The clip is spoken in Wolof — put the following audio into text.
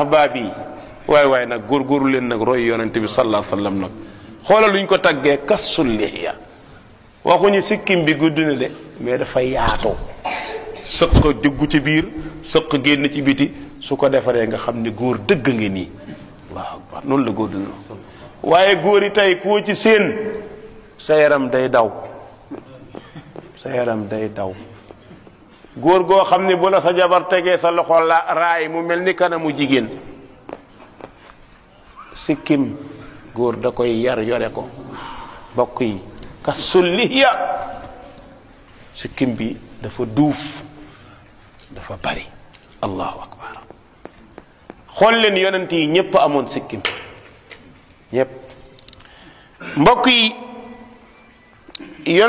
ahbaab yi waaye waaye nag góorgóorlu leen nag roy yonente bi sallallahu alayhi wasallam nag xoolal luñ ko taggee kassul lihiya waxuñu sikkim bi gudd na de mais dafa yaatu sëq dugg ci biir sëq génn ci biti su ko defaree nga xam ne góor dëgg ngi nii waaw noonu la góor dund waaye góor yi tey koo ci seen sa yaram day daw sa yaram day daw góor goo xam ne bu la sa jabar tegee sa loxo la raay mu mel ni kanamu jigéen sikkim góor da koy yar yore ko mbokk yi ka sulliya sikkim bi dafa duuf dafa bari allahu akbar xool leen yonent yi ñépp amoon sikkim ñépp mbokk yi